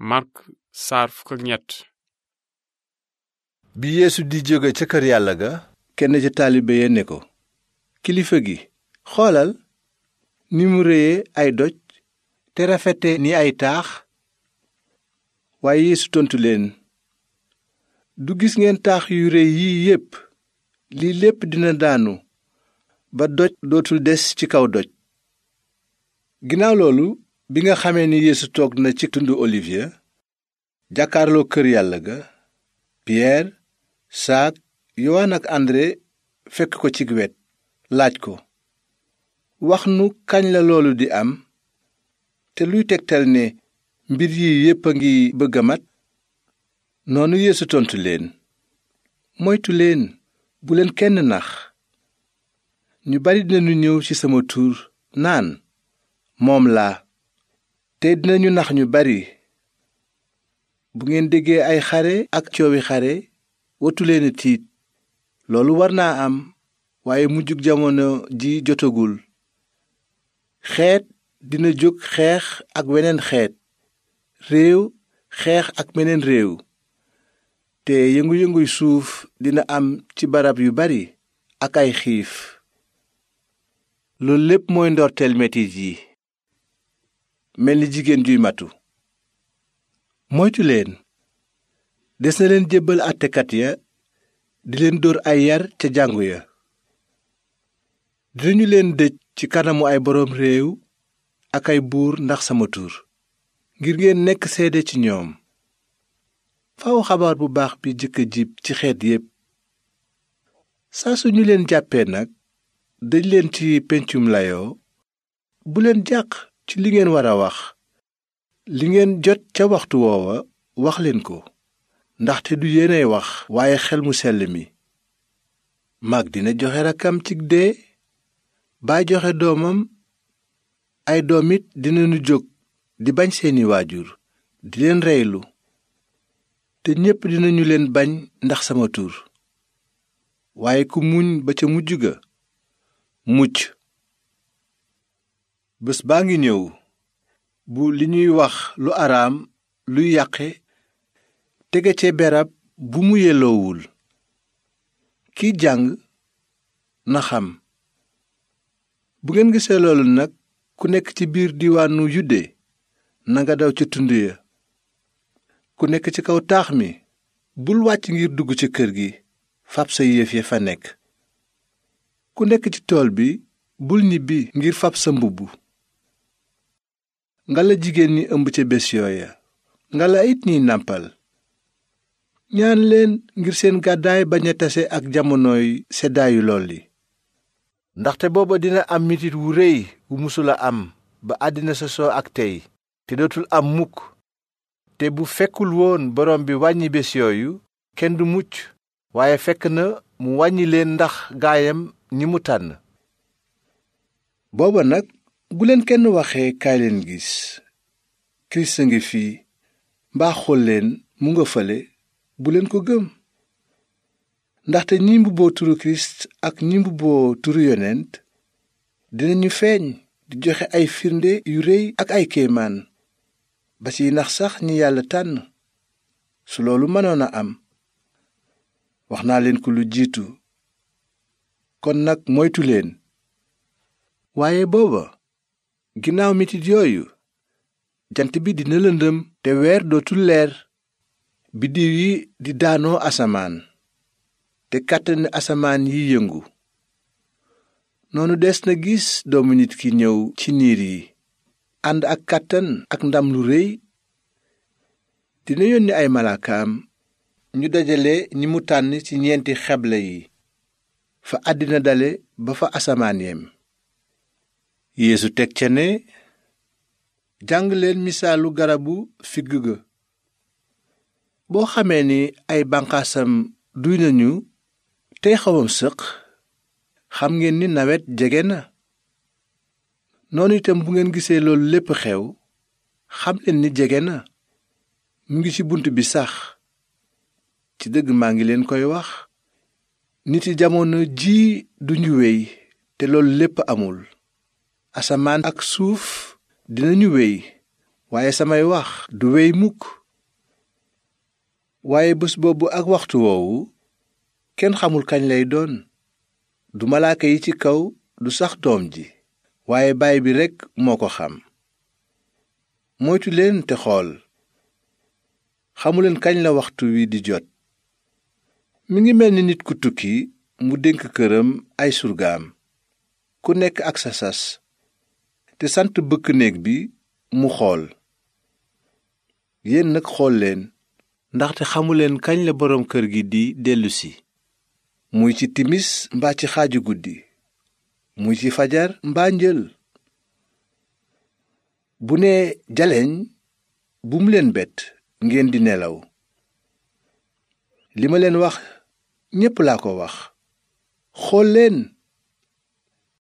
Mark saar ñett bi yéesu di jóge ca kër yàlla ga kenn ca taalibe ya ne ko kilifa gi xoolal ni mu réye ay doj te rafete ni ay taax waaye yeesu tontu leen du gis ngeen taax yu réy yii yépp lii lépp dina daanu ba doj dootul des ci kaw doj ginnaaw loolu bi nga xamee ni yeesu toog na ci tund olivier jàkkaarloo kër yàlla ga piyeer saak yowaan ak andre fekk ko ci wet laaj ko wax nu kañ la loolu di am te luy tegtal ne mbir yi yépp a ngi bëgg a mat noonu yéesu tontu leen moytu leen bu leen kenn nax ñu bari dinañu ñëw ci sama tur naan moom laa te dinañu nax ñu bari bu ngeen déggee ay xare ak coowi xare watuleena tiit loolu war naa am waaye mujjug jamono ji jotagul xeet dina jóg xeex ak weneen xeet réew xeex ak meneen réew te yëngu-yënguy suuf dina am ci barab yu bari ak ay xiif loolu lépp mooy ndorteel metit yi mel ni jigéen juy matu leen des na leen jébbal àttekat ya di leen dóor ay yar ca jàngu ya dinañu leen dëj ci kanamu ay boroom réew ak ay buur ndax sama tur ngir ngeen nekk seede ci ñoom faw xabaar bu baax bi jëkk a jib ci xeet yépp saa su ñu leen jàppee nag dëj leen ci pencum layoo bu leen jàq ci li ngeen war a wax li ngeen jot ca waxtu woowa wax leen ko ndaxte du yéenay wax waaye xel mu sell mi mag dina joxe rakkam ci dee baay joxe doomam ay doom it dinañu jóg di bañ seeni waajur di leen reylu te ñépp dinañu leen bañ ndax sama tur waaye ku muñ ba ca mujj ga mucc bés baa ngi ñëw bu li ñuy wax lu araam luy yàqe tege ce berab bu mu yelloowul kiy jàng na xam bu ngeen gisee loolu nag ku nekk ci biir diwaanu yudde nanga daw ca tund ya ku nekk ci kaw taax mi bul wàcc ngir dugg ci kër gi fab sa yëf ya fa nekk ku nekk ci tool bi bul ñibbi ngir fab sa mbubb ngala jigéen ñi ëmb ca ya yooya ngala it ñiy nàmpal ñaan leen ngir seen gàddaay bañ a tase ak jamonooy seddaayu lool li ndaxte booba dina am mitit wu rëy wu a am ba àddina sosoo ak tey te dootul am mukk te bu fekkul woon borom bi wàññi bés yooyu kenn du mucc waaye fekk na mu wàññi leen ndax gaayam ñi mu tànn nag bu leen kenn waxee kaay leen gis kirist a ngi fi mbaa leen mu nga fale bu leen ko gëm ndaxte ñi mbubboo turu kirist ak ñi mbubboo turu yonent dinañu feeñ di joxe ay firnde yu rëy ak ay kéemaan ba ci nax sax ñi yàlla tànn su loolu mënoon a am wax naa leen ko lu jiitu kon nag moytu leen waaye booba ginnaaw mitit yooyu jant bi dina lëndëm te weer dootul leer biddiw yi di daanoo asamaan te kàttani asamaan yi yëngu noonu des na gis doomu nit ki ñëw ci niir yi ànd ak kàttan ak ndam lu réy dina yónni ay malaakaam ñu dajale ñi mu tànn ci ñeenti xeble yi fa àddina dale ba fa asamaan yem yeesu teg ca ne jàng leen misaalu garabu figg ga boo xamee ni ay banqaasam duy nañu tey xawam sëq xam ngeen ni nawet jege na noonu itam bu ngeen gisee loolu lépp xew xam leen ni jege na mu ngi ci bunt bi sax ci dëgg maa ngi leen koy wax nit yi jamono ji duñu wéy te loolu lépp amul asamaan ak suuf dinañu wéy waaye samay wax du wéy mukk waaye bés boobu ak waxtu woowu kenn xamul kañ lay doon du malaaka yi ci kaw du sax doom ji waaye baay bi rekk moo ko xam moytu leen te xool xamuleen kañ la waxtu wi di jot mu ngi mel ni nit ku tukki mu dénk këram ay surgaam ku nekk ak sa sas te sant bëkk néeg bi mu xool yéen nag xool leen ndaxte xamuleen kañ la boroom kër gi di dellusi muy ci timis mbaa ci xaaju guddi muy ci fajar mbaa njël bu nee jaleñ bu mu leen bett ngeen di nelaw li ma leen wax ñépp laa ko wax xool leen